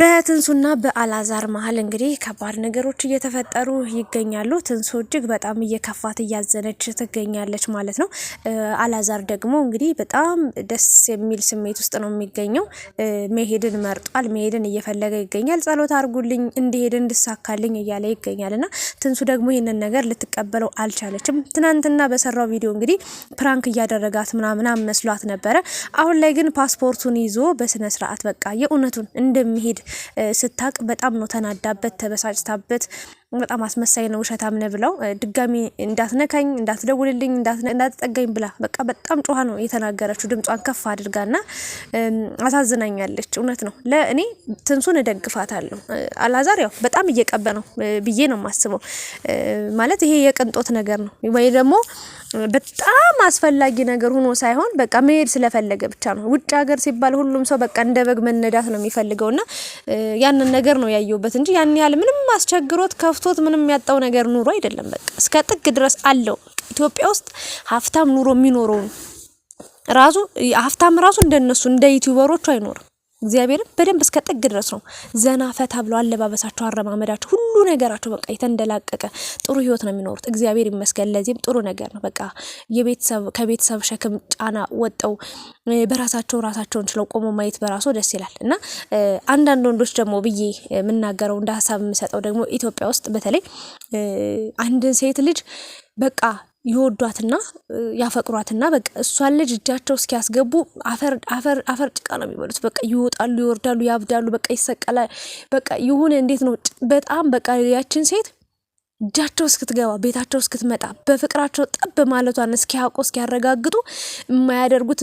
በትንሱና በአላዛር መሀል እንግዲህ ከባድ ነገሮች እየተፈጠሩ ይገኛሉ። ትንሱ እጅግ በጣም እየከፋት እያዘነች ትገኛለች ማለት ነው። አላዛር ደግሞ እንግዲህ በጣም ደስ የሚል ስሜት ውስጥ ነው የሚገኘው። መሄድን መርጧል። መሄድን እየፈለገ ይገኛል። ጸሎት አድርጉልኝ እንዲሄድ እንድሳካልኝ እያለ ይገኛል እና ትንሱ ደግሞ ይህንን ነገር ልትቀበለው አልቻለችም። ትናንትና በሰራው ቪዲዮ እንግዲህ ፕራንክ እያደረጋት ምናምና መስሏት ነበረ። አሁን ላይ ግን ፓስፖርቱን ይዞ በስነስርዓት በቃ የእውነቱን እንደሚሄድ ስታቅ በጣም ነው ተናዳበት፣ ተበሳጭታበት በጣም አስመሳይ ነው ውሸታም ነህ ብለው ድጋሚ እንዳትነካኝ፣ እንዳትደውልልኝ፣ እንዳትጠጋኝ ብላ በቃ በጣም ጮኋ ነው የተናገረችው። ድምጿን ከፍ አድርጋና አሳዝናኛለች። እውነት ነው። ለእኔ ትንሱን እደግፋታለሁ። አላዛር ያው በጣም እየቀበ ነው ብዬ ነው የማስበው። ማለት ይሄ የቅንጦት ነገር ነው ወይ ደግሞ በጣም አስፈላጊ ነገር ሆኖ ሳይሆን በቃ መሄድ ስለፈለገ ብቻ ነው። ውጭ ሀገር ሲባል ሁሉም ሰው በቃ እንደ በግ መነዳት ነው የሚፈልገው እና ያንን ነገር ነው ያየሁበት እንጂ ያን ያህል ምንም አስቸግሮት ከፍቶት ምንም ያጣው ነገር ኑሮ አይደለም። በቃ እስከ ጥግ ድረስ አለው። ኢትዮጵያ ውስጥ ሀብታም ኑሮ የሚኖረው ራሱ ሀብታም ራሱ እንደነሱ እንደ ዩቲዩበሮቹ አይኖርም። እግዚአብሔርም በደንብ እስከ ጥግ ድረስ ነው። ዘና ፈታ ብለው አለባበሳቸው፣ አረማመዳቸው፣ ሁሉ ነገራቸው በቃ የተንደላቀቀ ጥሩ ህይወት ነው የሚኖሩት። እግዚአብሔር ይመስገን። ለዚህም ጥሩ ነገር ነው። በቃ የቤተሰብ ከቤተሰብ ሸክም ጫና ወጠው በራሳቸው ራሳቸውን ችለው ቆሞ ማየት በራሱ ደስ ይላል እና አንዳንድ ወንዶች ደግሞ ብዬ የምናገረው እንደ ሀሳብ የምሰጠው ደግሞ ኢትዮጵያ ውስጥ በተለይ አንድን ሴት ልጅ በቃ ይወዷትና ያፈቅሯትና በቃ እሷን ልጅ እጃቸው እስኪያስገቡ አፈር ጭቃ ነው የሚበሉት። በቃ ይወጣሉ፣ ይወርዳሉ፣ ያብዳሉ፣ በቃ ይሰቀላል። በቃ ይሁን እንዴት ነው በጣም በቃ ያችን ሴት እጃቸው እስክትገባ ቤታቸው እስክትመጣ በፍቅራቸው ጠብ ማለቷን እስኪያውቁ እስኪያረጋግጡ የማያደርጉት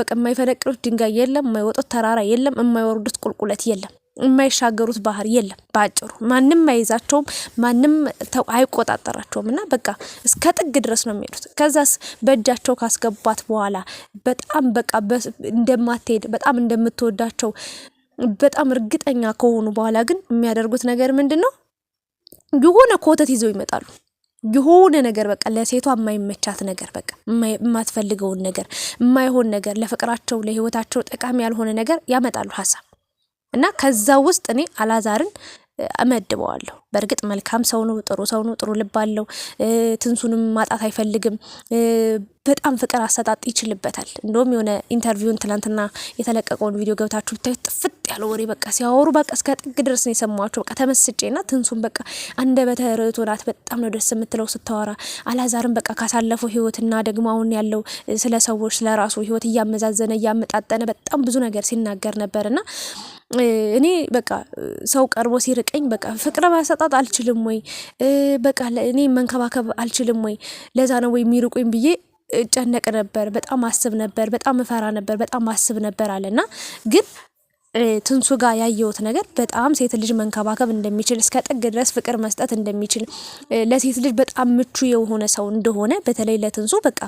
በቃ የማይፈነቅሉት ድንጋይ የለም፣ የማይወጡት ተራራ የለም፣ የማይወርዱት ቁልቁለት የለም። የማይሻገሩት ባህር የለም። በአጭሩ ማንም አይዛቸውም፣ ማንም አይቆጣጠራቸውም እና በቃ እስከ ጥግ ድረስ ነው የሚሄዱት። ከዛስ በእጃቸው ካስገቧት በኋላ በጣም በቃ እንደማትሄድ በጣም እንደምትወዳቸው በጣም እርግጠኛ ከሆኑ በኋላ ግን የሚያደርጉት ነገር ምንድን ነው? የሆነ ኮተት ይዘው ይመጣሉ። የሆነ ነገር በቃ ለሴቷ የማይመቻት ነገር በቃ የማትፈልገውን ነገር፣ የማይሆን ነገር፣ ለፍቅራቸው ለህይወታቸው ጠቃሚ ያልሆነ ነገር ያመጣሉ ሀሳብ እና ከዛ ውስጥ እኔ አላዛርን እመድበዋለሁ። በእርግጥ መልካም ሰው ነው፣ ጥሩ ሰው ነው፣ ጥሩ ልብ አለው። ትንሱንም ማጣት አይፈልግም። በጣም ፍቅር አሰጣጥ ይችልበታል። እንደውም የሆነ ኢንተርቪውን ትናንትና የተለቀቀውን ቪዲዮ ገብታችሁ ብታዩት ጥፍጥ ያለ ወሬ በቃ ሲያወሩ በቃ እስከ ጥግ ድረስ ነው የሰማችሁ። በቃ ና ትንሱን በቃ አንደበተ ርቱዕ ናት። በጣም ነው ደስ የምትለው ስታወራ። አላዛርም በቃ ካሳለፈው ህይወትና ደግሞ አሁን ያለው ስለ ሰዎች ስለ ራሱ ህይወት እያመዛዘነ እያመጣጠነ በጣም ብዙ ነገር ሲናገር ነበርና እኔ በቃ ሰው ቀርቦ ሲርቀኝ በቃ ፍቅር ባሰ ማጠጣት አልችልም ወይ በቃ እኔ መንከባከብ አልችልም ወይ ለዛ ነው ወይ የሚርቁኝ ብዬ እጨነቅ ነበር። በጣም አስብ ነበር። በጣም እፈራ ነበር። በጣም አስብ ነበር አለና ግን ትንሱ ጋር ያየሁት ነገር በጣም ሴት ልጅ መንከባከብ እንደሚችል እስከ ጥግ ድረስ ፍቅር መስጠት እንደሚችል ለሴት ልጅ በጣም ምቹ የሆነ ሰው እንደሆነ በተለይ ለትንሱ በቃ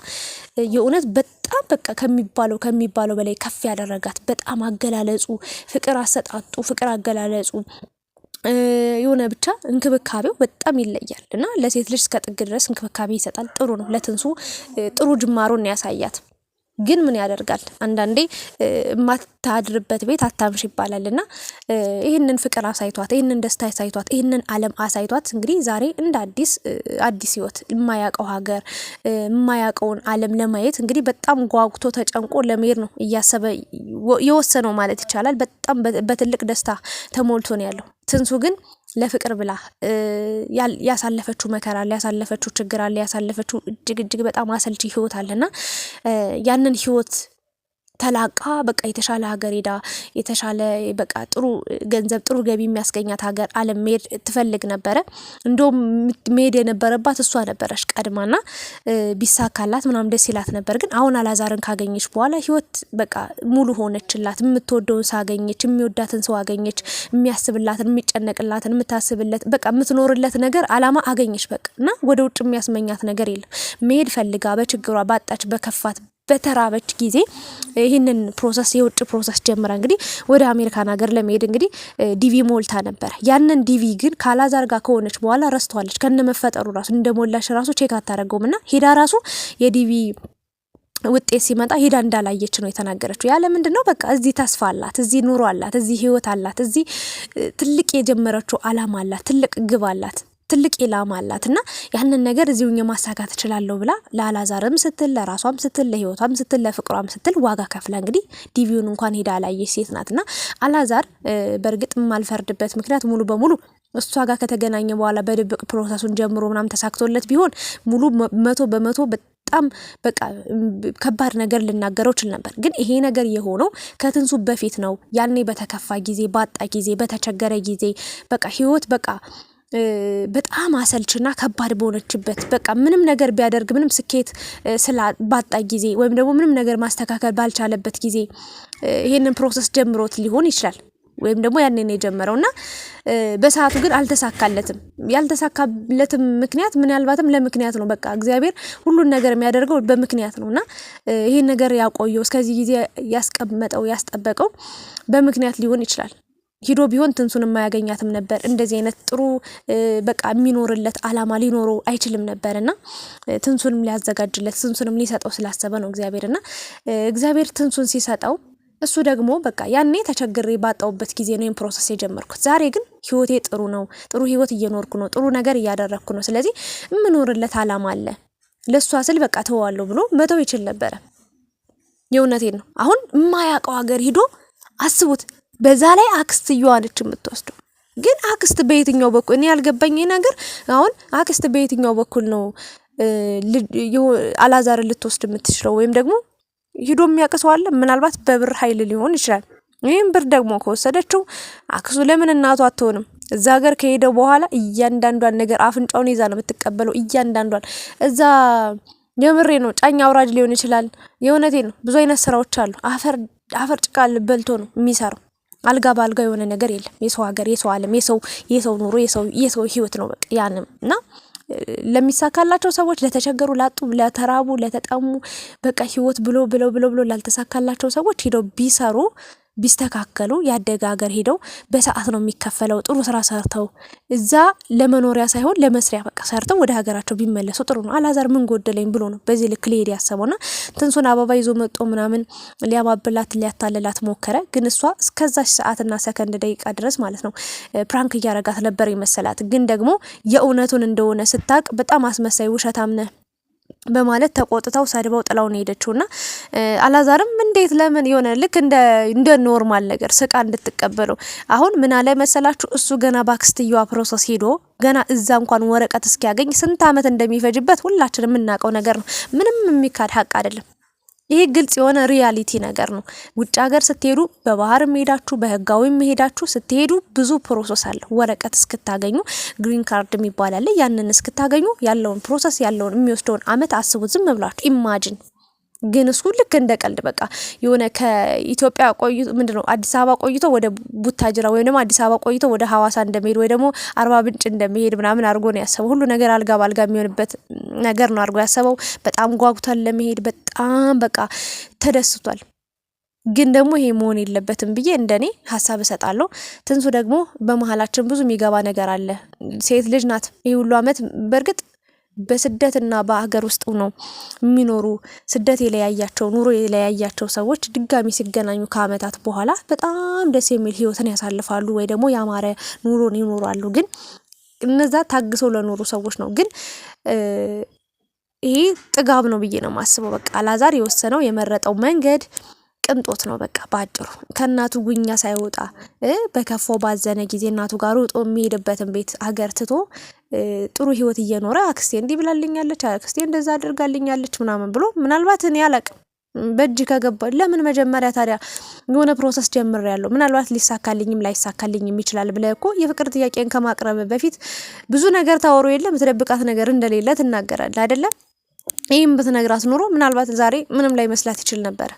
የእውነት በጣም በቃ ከሚባለው ከሚባለው በላይ ከፍ ያደረጋት በጣም አገላለጹ፣ ፍቅር አሰጣጡ፣ ፍቅር አገላለጹ የሆነ ብቻ እንክብካቤው በጣም ይለያል እና ለሴት ልጅ እስከ ጥግ ድረስ እንክብካቤ ይሰጣል። ጥሩ ነው። ለትንሱ ጥሩ ጅማሮን ያሳያት። ግን ምን ያደርጋል አንዳንዴ የማታድርበት ቤት አታምሽ ይባላል እና ይህንን ፍቅር አሳይቷት፣ ይህንን ደስታ አሳይቷት፣ ይህንን አለም አሳይቷት እንግዲህ ዛሬ እንደ አዲስ አዲስ ህይወት የማያውቀው ሀገር የማያውቀውን አለም ለማየት እንግዲህ በጣም ጓጉቶ ተጨንቆ ለመሄድ ነው እያሰበ የወሰነው ማለት ይቻላል። በጣም በትልቅ ደስታ ተሞልቶ ነው ያለው ትንሱ ግን ለፍቅር ብላ ያሳለፈችው መከራ አለ፣ ያሳለፈችው ችግር አለ፣ ያሳለፈችው እጅግ እጅግ በጣም አሰልቺ ህይወት አለና ያንን ህይወት ተላቃ በቃ የተሻለ ሀገር ሄዳ የተሻለ በቃ ጥሩ ገንዘብ ጥሩ ገቢ የሚያስገኛት ሀገር አለም መሄድ ትፈልግ ነበረ። እንደውም መሄድ የነበረባት እሷ ነበረች ቀድማና ቢሳካላት ምናም ደስ ይላት ነበር። ግን አሁን አላዛርን ካገኘች በኋላ ህይወት በቃ ሙሉ ሆነችላት። የምትወደውን ሰው አገኘች፣ የሚወዳትን ሰው አገኘች፣ የሚያስብላትን፣ የሚጨነቅላትን፣ የምታስብለት በቃ የምትኖርለት ነገር አላማ አገኘች። በቃ እና ወደ ውጭ የሚያስመኛት ነገር የለም። መሄድ ፈልጋ በችግሯ ባጣች በከፋት በተራበች ጊዜ ይህንን ፕሮሰስ የውጭ ፕሮሰስ ጀምራ እንግዲህ ወደ አሜሪካን ሀገር ለመሄድ እንግዲህ ዲቪ ሞልታ ነበረ። ያንን ዲቪ ግን ካላዛር ጋር ከሆነች በኋላ ረስተዋለች። ከነመፈጠሩ ራሱ እንደሞላሽ ራሱ ቼክ አታደረገውም እና ሄዳ ራሱ የዲቪ ውጤት ሲመጣ ሄዳ እንዳላየች ነው የተናገረችው። ያለ ምንድን ነው በቃ እዚህ ተስፋ አላት፣ እዚህ ኑሮ አላት፣ እዚህ ህይወት አላት፣ እዚህ ትልቅ የጀመረችው አላማ አላት፣ ትልቅ ግብ አላት። ትልቅ ኢላማ አላት እና ያንን ነገር እዚሁ ማሳካት እችላለሁ ብላ ለአላዛርም ስትል ለራሷም ስትል ለህይወቷም ስትል ለፍቅሯም ስትል ዋጋ ከፍላ እንግዲህ ዲቪውን እንኳን ሄዳ ላየች ሴት ናት እና አላዛር በእርግጥ የማልፈርድበት ምክንያት ሙሉ በሙሉ እሷ ጋር ከተገናኘ በኋላ በድብቅ ፕሮሰሱን ጀምሮ ምናምን ተሳክቶለት ቢሆን ሙሉ መቶ በመቶ በጣም በቃ ከባድ ነገር ልናገረው ችል ነበር። ግን ይሄ ነገር የሆነው ከትንሱ በፊት ነው። ያኔ በተከፋ ጊዜ፣ ባጣ ጊዜ፣ በተቸገረ ጊዜ በቃ ህይወት በቃ በጣም አሰልችና ከባድ በሆነችበት በቃ ምንም ነገር ቢያደርግ ምንም ስኬት ባጣ ጊዜ ወይም ደግሞ ምንም ነገር ማስተካከል ባልቻለበት ጊዜ ይሄንን ፕሮሰስ ጀምሮት ሊሆን ይችላል። ወይም ደግሞ ያንን የጀመረው እና በሰዓቱ ግን አልተሳካለትም። ያልተሳካለትም ምክንያት ምናልባትም ለምክንያት ነው። በቃ እግዚአብሔር ሁሉን ነገር የሚያደርገው በምክንያት ነው እና ይህን ነገር ያቆየው እስከዚህ ጊዜ ያስቀመጠው ያስጠበቀው በምክንያት ሊሆን ይችላል። ሂዶ ቢሆን ትንሱን የማያገኛትም ነበር። እንደዚህ አይነት ጥሩ በቃ የሚኖርለት አላማ ሊኖረው አይችልም ነበር እና ትንሱንም ሊያዘጋጅለት ትንሱንም ሊሰጠው ስላሰበ ነው እግዚአብሔር እና እግዚአብሔር ትንሱን ሲሰጠው እሱ ደግሞ በቃ ያኔ ተቸግሬ ባጣውበት ጊዜ ነው ይህን ፕሮሰስ የጀመርኩት። ዛሬ ግን ህይወቴ ጥሩ ነው፣ ጥሩ ህይወት እየኖርኩ ነው፣ ጥሩ ነገር እያደረግኩ ነው። ስለዚህ የምኖርለት አላማ አለ፣ ለእሷ ስል በቃ ተዋለሁ ብሎ መተው ይችል ነበረ። የእውነቴን ነው። አሁን የማያውቀው ሀገር ሂዶ አስቡት በዛ ላይ አክስትየዋ ነች የምትወስደው። ግን አክስት በየትኛው በኩል እኔ ያልገባኝ ነገር አሁን አክስት በየትኛው በኩል ነው አላዛርን ልትወስድ የምትችለው? ወይም ደግሞ ሂዶ የሚያቅሰው አለ። ምናልባት በብር ኃይል ሊሆን ይችላል። ይህም ብር ደግሞ ከወሰደችው አክሱ ለምን እናቱ አትሆንም? እዛ ሀገር ከሄደ በኋላ እያንዳንዷን ነገር አፍንጫውን ይዛ ነው የምትቀበለው። እያንዳንዷን እዛ የምሬ ነው ጫኝ አውራጅ ሊሆን ይችላል። የእውነቴ ነው። ብዙ አይነት ስራዎች አሉ። አፈር አፈር ጭቃ በልቶ ነው የሚሰራው። አልጋ በአልጋ የሆነ ነገር የለም። የሰው ሀገር፣ የሰው ዓለም፣ የሰው የሰው ኑሮ፣ የሰው ህይወት ነው በቃ ያንም እና ለሚሳካላቸው ሰዎች ለተቸገሩ፣ ላጡ፣ ለተራቡ፣ ለተጠሙ በቃ ህይወት ብሎ ብሎ ብሎ ብሎ ላልተሳካላቸው ሰዎች ሂደው ቢሰሩ ቢስተካከሉ ያደገ ሀገር ሄደው በሰዓት ነው የሚከፈለው፣ ጥሩ ስራ ሰርተው እዛ ለመኖሪያ ሳይሆን ለመስሪያ በቃ ሰርተው ወደ ሀገራቸው ቢመለሱ ጥሩ ነው። አላዛር ምን ጎደለኝ ብሎ ነው በዚህ ልክ ሊሄድ ያሰበው ና ትንሱን አበባ ይዞ መጦ ምናምን ሊያባብላት ሊያታልላት ሞከረ። ግን እሷ እስከዛች ሰዓትና ሰከንድ ደቂቃ ድረስ ማለት ነው ፕራንክ እያረጋት ነበር ይመሰላት። ግን ደግሞ የእውነቱን እንደሆነ ስታቅ በጣም አስመሳይ ውሸታም ነህ በማለት ተቆጥተው ሰድበው ጥላውን ሄደችው አላዛርም እንዴት ለምን የሆነ ልክ እንደ ኖርማል ነገር ስቃ እንድትቀበለው አሁን ምና ላይ መሰላችሁ እሱ ገና ባክስትየዋ ፕሮሰስ ሄዶ ገና እዛ እንኳን ወረቀት እስኪያገኝ ስንት ዓመት እንደሚፈጅበት ሁላችን የምናውቀው ነገር ነው። ምንም የሚካድ ሀቅ አይደለም። ይሄ ግልጽ የሆነ ሪያሊቲ ነገር ነው። ውጭ ሀገር ስትሄዱ በባህር መሄዳችሁ በህጋዊ መሄዳችሁ ስትሄዱ ብዙ ፕሮሰስ አለ። ወረቀት እስክታገኙ ግሪን ካርድ የሚባል አለ። ያንን እስክታገኙ ያለውን ፕሮሰስ ያለውን የሚወስደውን አመት አስቡት ዝም ብላችሁ ኢማጂን ግን እሱ ልክ እንደ ቀልድ በቃ የሆነ ከኢትዮጵያ ቆይቶ ምንድን ነው አዲስ አበባ ቆይቶ ወደ ቡታጅራ ወይም ደግሞ አዲስ አበባ ቆይቶ ወደ ሀዋሳ እንደሚሄድ ወይ ደግሞ አርባ ምንጭ እንደሚሄድ ምናምን አድርጎ ነው ያሰበው። ሁሉ ነገር አልጋ በአልጋ የሚሆንበት ነገር ነው አድርጎ ያሰበው። በጣም ጓጉቷል ለመሄድ፣ በጣም በቃ ተደስቷል። ግን ደግሞ ይሄ መሆን የለበትም ብዬ እንደኔ ሀሳብ እሰጣለሁ። ትንሱ ደግሞ በመሀላችን ብዙ የሚገባ ነገር አለ። ሴት ልጅ ናት። ይህ ሁሉ አመት በእርግጥ በስደትና በሀገር ውስጥ ነው የሚኖሩ ስደት የለያያቸው ኑሮ የለያያቸው ሰዎች ድጋሚ ሲገናኙ ከአመታት በኋላ በጣም ደስ የሚል ህይወትን ያሳልፋሉ ወይ ደግሞ ያማረ ኑሮን ይኖራሉ። ግን እነዛ ታግሰው ለኖሩ ሰዎች ነው። ግን ይሄ ጥጋብ ነው ብዬ ነው የማስበው። በቃ አላዛር የወሰነው የመረጠው መንገድ ቅንጦት ነው። በቃ በአጭሩ ከእናቱ ጉኛ ሳይወጣ በከፋው ባዘነ ጊዜ እናቱ ጋር ውጦ የሚሄድበትን ቤት ሀገር ትቶ ጥሩ ህይወት እየኖረ አክስቴ እንዲህ ብላልኛለች፣ አክስቴ እንደዛ አድርጋልኛለች ምናምን ብሎ ምናልባት እኔ አላቅም በእጅ ከገባ ለምን መጀመሪያ ታዲያ የሆነ ፕሮሰስ ጀምር ያለው ምናልባት ሊሳካልኝም ላይሳካልኝም ይችላል ብለህ እኮ የፍቅር ጥያቄን ከማቅረብ በፊት ብዙ ነገር ታወሩ የለም ትደብቃት ነገር እንደሌለ ትናገራለህ አይደለም። ይህም ብትነግራት ኑሮ ምናልባት ዛሬ ምንም ላይ መስላት ይችል ነበረ።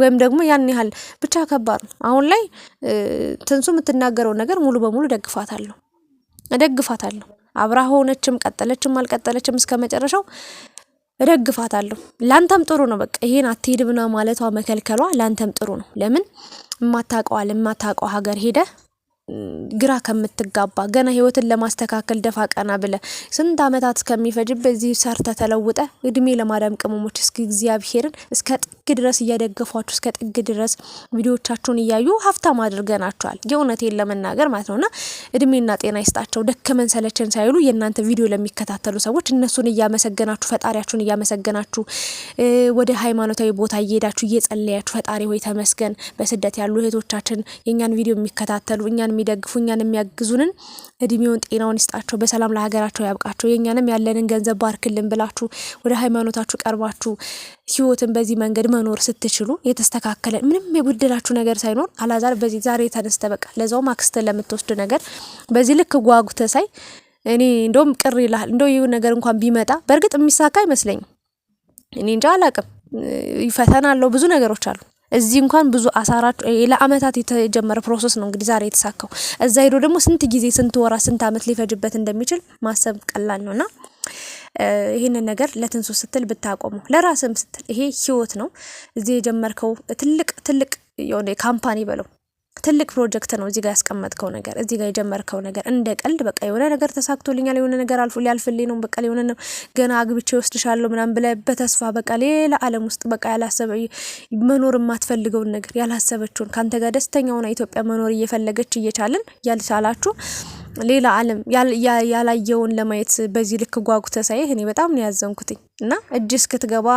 ወይም ደግሞ ያን ያህል ብቻ ከባድ ነው። አሁን ላይ ትንሱ የምትናገረው ነገር ሙሉ በሙሉ ደግፋት እደግፋታለሁ አብራ ሆነችም ቀጠለችም አልቀጠለችም እስከ መጨረሻው እደግፋታለሁ። ላንተም ጥሩ ነው። በቃ ይሄን ብና ማለቷ መከልከሏ ላንተም ጥሩ ነው። ለምን እማታውቀዋል እማታውቀው ሀገር ሄደ ግራ ከምትጋባ ገና ህይወትን ለማስተካከል ደፋ ቀና ብለ ስንት ዓመታት እስከሚፈጅብ በዚህ ሰርተ ተለውጠ እድሜ ለማዳም ቅመሞች እስ እግዚአብሔርን እስከ ጥግ ድረስ እያደገፏችሁ እስከ ጥግ ድረስ ቪዲዮቻችሁን እያዩ ሀብታም አድርገናቸዋል። የእውነቴን ለመናገር ማለት ነውና እድሜና ጤና ይስጣቸው። ደከመን ሰለችን ሳይሉ የእናንተ ቪዲዮ ለሚከታተሉ ሰዎች እነሱን እያመሰገናችሁ ፈጣሪያችሁን እያመሰገናችሁ ወደ ሃይማኖታዊ ቦታ እየሄዳችሁ እየጸለያችሁ ፈጣሪ ሆይ ተመስገን። በስደት ያሉ እህቶቻችን የእኛን ቪዲዮ የሚከታተሉ እኛን እኛን የሚደግፉ እኛን የሚያግዙንን እድሜውን ጤናውን ይስጣቸው፣ በሰላም ለሀገራቸው ያብቃቸው፣ የእኛንም ያለንን ገንዘብ ባርክልን ብላችሁ ወደ ሃይማኖታችሁ ቀርባችሁ ህይወትን በዚህ መንገድ መኖር ስትችሉ የተስተካከለ ምንም የጎደላችሁ ነገር ሳይኖር አላዛር በዚህ ዛሬ ተነስተ በቃ ለዛውም አክስትን ለምትወስድ ነገር በዚህ ልክ ጓጉተ ሳይ እኔ እንደውም ቅር ይላል። እንደው ይህ ነገር እንኳን ቢመጣ በእርግጥ የሚሳካ አይመስለኝም። እኔ እንጃ አላቅም። ፈተና አለው፣ ብዙ ነገሮች አሉ። እዚህ እንኳን ብዙ አሳራችሁ ለአመታት የተጀመረ ፕሮሰስ ነው እንግዲህ ዛሬ የተሳካው። እዛ ሄዶ ደግሞ ስንት ጊዜ ስንት ወራ ስንት አመት ሊፈጅበት እንደሚችል ማሰብ ቀላል ነውና ይህንን ነገር ለትንሱ ስትል ብታቆሙ፣ ለራስም ስትል ይሄ ህይወት ነው። እዚህ የጀመርከው ትልቅ ትልቅ የሆነ ካምፓኒ በለው ትልቅ ፕሮጀክት ነው እዚህ ጋር ያስቀመጥከው ነገር እዚህ ጋር የጀመርከው ነገር እንደ ቀልድ በቃ የሆነ ነገር ተሳክቶልኛል፣ የሆነ ነገር አልፎ ሊያልፍልኝ ነው፣ በቃ የሆነ ነው ገና አግብቼ ወስድሻለሁ ምናምን ብለህ በተስፋ በቃ ሌላ ዓለም ውስጥ በቃ ያላሰበ መኖር የማትፈልገውን ነገር ያላሰበችውን ከአንተ ጋር ደስተኛ ሆና ኢትዮጵያ መኖር እየፈለገች እየቻልን ያልቻላችሁ ሌላ ዓለም ያላየውን ለማየት በዚህ ልክ ጓጉተ ሳይህ እኔ በጣም ነው ያዘንኩትኝ። እና እጅ እስክትገባ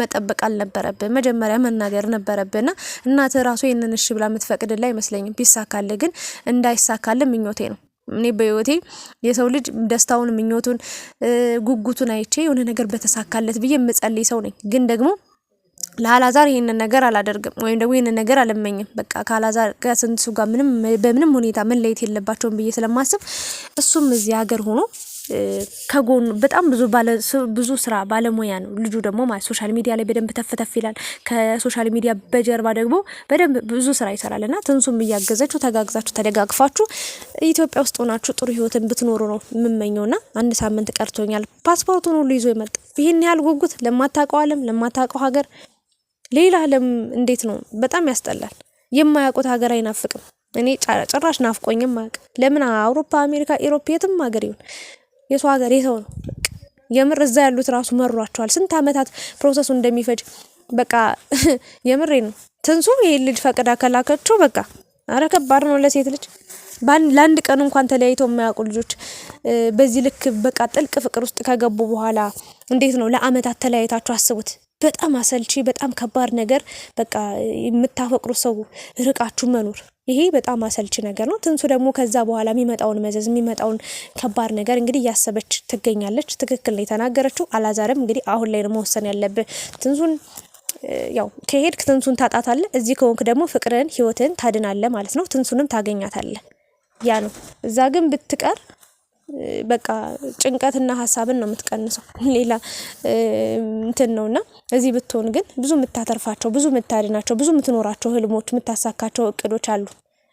መጠበቅ አልነበረብን፣ መጀመሪያ መናገር ነበረብን። ና እናት ራሱ ይህንን እሺ ብላ የምትፈቅድልህ አይመስለኝም። ቢሳካልህ ግን እንዳይሳካልህ ምኞቴ ነው። እኔ በህይወቴ የሰው ልጅ ደስታውን፣ ምኞቱን፣ ጉጉቱን አይቼ የሆነ ነገር በተሳካለት ብዬ የምጸልይ ሰው ነኝ ግን ደግሞ ለአላዛር ይህንን ነገር አላደርግም ወይም ደግሞ ይህንን ነገር አልመኝም። በቃ ከአላዛር ጋር ስንሱ ጋር ምንም በምንም ሁኔታ መለየት የለባቸውም ብዬ ስለማስብ እሱም እዚህ ሀገር ሆኖ ከጎኑ በጣም ብዙ ብዙ ስራ ባለሙያ ነው ልጁ ደግሞ ማለት ሶሻል ሚዲያ ላይ በደንብ ተፍተፍ ይላል። ከሶሻል ሚዲያ በጀርባ ደግሞ በደንብ ብዙ ስራ ይሰራል እና ትንሱም እያገዘችው ተጋግዛችሁ ተደጋግፋችሁ ኢትዮጵያ ውስጥ ሆናችሁ ጥሩ ህይወትን ብትኖሩ ነው የምመኘው። ና አንድ ሳምንት ቀርቶኛል ፓስፖርቱን ሁሉ ይዞ ይመጣ። ይህን ያህል ጉጉት ለማታውቀው ዓለም ለማታውቀው ሀገር ሌላ ዓለም እንዴት ነው? በጣም ያስጠላል። የማያውቁት ሀገር አይናፍቅም። እኔ ጭራሽ ናፍቆኝም ማቅ ለምን አውሮፓ፣ አሜሪካ፣ ኢሮፕ የትም ሀገር ይሁን የሰው ሀገር የሰው ነው። የምር እዛ ያሉት ራሱ መሯቸዋል። ስንት ዓመታት ፕሮሰሱ እንደሚፈጅ በቃ የምሬ ነው። ትንሱ ይህ ልጅ ፈቅዳ ከላከችው በቃ አረ ከባድ ነው ለሴት ልጅ ለአንድ ቀን እንኳን ተለያይተው የማያውቁ ልጆች በዚህ ልክ በቃ ጥልቅ ፍቅር ውስጥ ከገቡ በኋላ እንዴት ነው ለአመታት ተለያይታችሁ አስቡት። በጣም አሰልቺ፣ በጣም ከባድ ነገር በቃ የምታፈቅሩ ሰው ርቃችሁ መኖር ይሄ በጣም አሰልቺ ነገር ነው። ትንሱ ደግሞ ከዛ በኋላ የሚመጣውን መዘዝ የሚመጣውን ከባድ ነገር እንግዲህ እያሰበች ትገኛለች። ትክክል ነው የተናገረችው። አላዛርም እንግዲህ አሁን ላይ ነው መወሰን ያለብህ ትንሱን ያው ከሄድክ ትንሱን ታጣታለህ፣ እዚህ ከሆንክ ደግሞ ፍቅርን ህይወትን ታድናለህ ማለት ነው። ትንሱንም ታገኛታለህ። ያ ነው እዛ ግን ብትቀር በቃ ጭንቀትና ሀሳብን ነው የምትቀንሰው። ሌላ እንትን ነው እና እዚህ ብትሆን ግን ብዙ የምታተርፋቸው ብዙ የምታድናቸው ብዙ የምትኖራቸው ህልሞች የምታሳካቸው እቅዶች አሉ።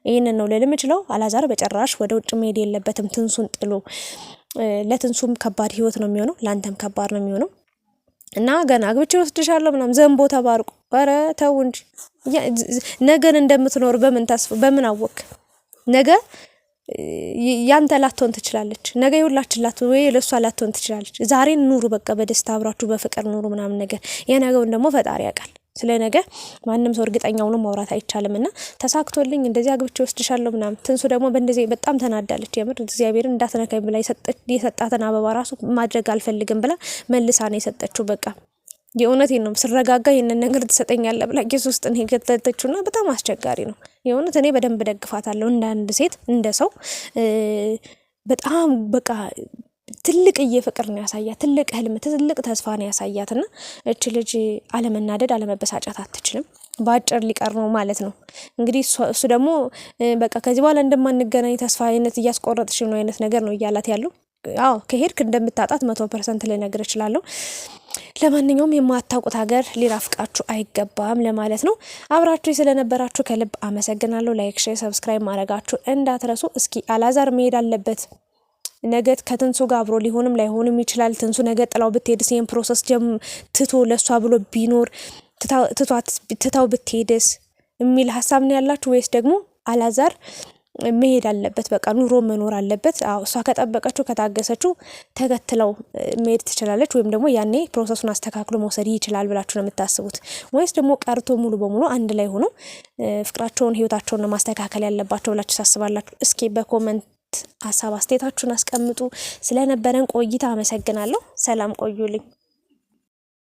ይህንን ነው ልል የምችለው። አላዛር በጭራሽ ወደ ውጭ መሄድ የለበትም ትንሱን ጥሎ። ለትንሱም ከባድ ህይወት ነው የሚሆነው፣ ለአንተም ከባድ ነው የሚሆነው እና ገና አግብቼ ወስድሻለሁ ምናምን ዘንቦ ተባርቆ፣ ኧረ ተው እንጂ ነገን እንደምትኖር በምን ታስብ በምን አወቅ ነገ ያንተ ላትሆን ትችላለች፣ ነገ የሁላችን ላት ወይ ለእሷ ላትሆን ትችላለች። ዛሬን ኑሩ፣ በቃ በደስታ አብራችሁ በፍቅር ኑሩ ምናምን ነገር። የነገውን ደግሞ ፈጣሪ ያውቃል። ስለ ነገ ማንም ሰው እርግጠኛ ሆኖ ማውራት አይቻልም። እና ተሳክቶልኝ እንደዚህ አግብቼ ወስድሻለሁ ምናምን። ትንሱ ደግሞ በእንደዚህ በጣም ተናዳለች። የምር እግዚአብሔርን እንዳትነካኝ ብላ የሰጣትን አበባ ራሱ ማድረግ አልፈልግም ብላ መልሳ ነው የሰጠችው በቃ የእውነት ነው ስረጋጋ ይህንን ነገር ትሰጠኛለ ብላ ጌስ ውስጥ የከተተችውና በጣም አስቸጋሪ ነው። የእውነት እኔ በደንብ ደግፋታለሁ እንደ አንድ ሴት እንደ ሰው በጣም በቃ ትልቅ እየፍቅር ነው ያሳያት፣ ትልቅ ህልም፣ ትልቅ ተስፋ ነው ያሳያት። እና እች ልጅ አለመናደድ አለመበሳጨት አትችልም። በአጭር ሊቀር ነው ማለት ነው እንግዲህ እሱ ደግሞ በቃ ከዚህ በኋላ እንደማንገናኝ ተስፋ አይነት እያስቆረጥሽ ነው አይነት ነገር ነው እያላት ያለው አዎ ከሄድክ እንደምታጣት መቶ ፐርሰንት ልነግር እችላለሁ። ለማንኛውም የማታውቁት ሀገር ሊራፍቃችሁ አይገባም ለማለት ነው። አብራችሁ ስለነበራችሁ ከልብ አመሰግናለሁ። ላይክ፣ ሼር፣ ሰብስክራይብ ማድረጋችሁ እንዳትረሱ። እስኪ አላዛር መሄድ አለበት ነገት ከትንሱ ጋር አብሮ ሊሆንም ላይሆንም ይችላል። ትንሱ ነገ ጥላው ብትሄድስ ይህን ፕሮሰስ ትቶ ለእሷ ብሎ ቢኖር ትታው ብትሄድስ የሚል ሀሳብ ነው ያላችሁ ወይስ ደግሞ አላዛር መሄድ አለበት። በቃ ኑሮ መኖር አለበት። እሷ ከጠበቀችው ከታገሰችው ተከትለው መሄድ ትችላለች፣ ወይም ደግሞ ያኔ ፕሮሰሱን አስተካክሎ መውሰድ ይችላል ብላችሁ ነው የምታስቡት? ወይስ ደግሞ ቀርቶ ሙሉ በሙሉ አንድ ላይ ሆኖ ፍቅራቸውን ህይወታቸውን ማስተካከል ያለባቸው ብላችሁ ታስባላችሁ? እስኪ በኮመንት ሀሳብ አስተያየታችሁን አስቀምጡ። ስለነበረን ቆይታ አመሰግናለሁ። ሰላም ቆዩልኝ።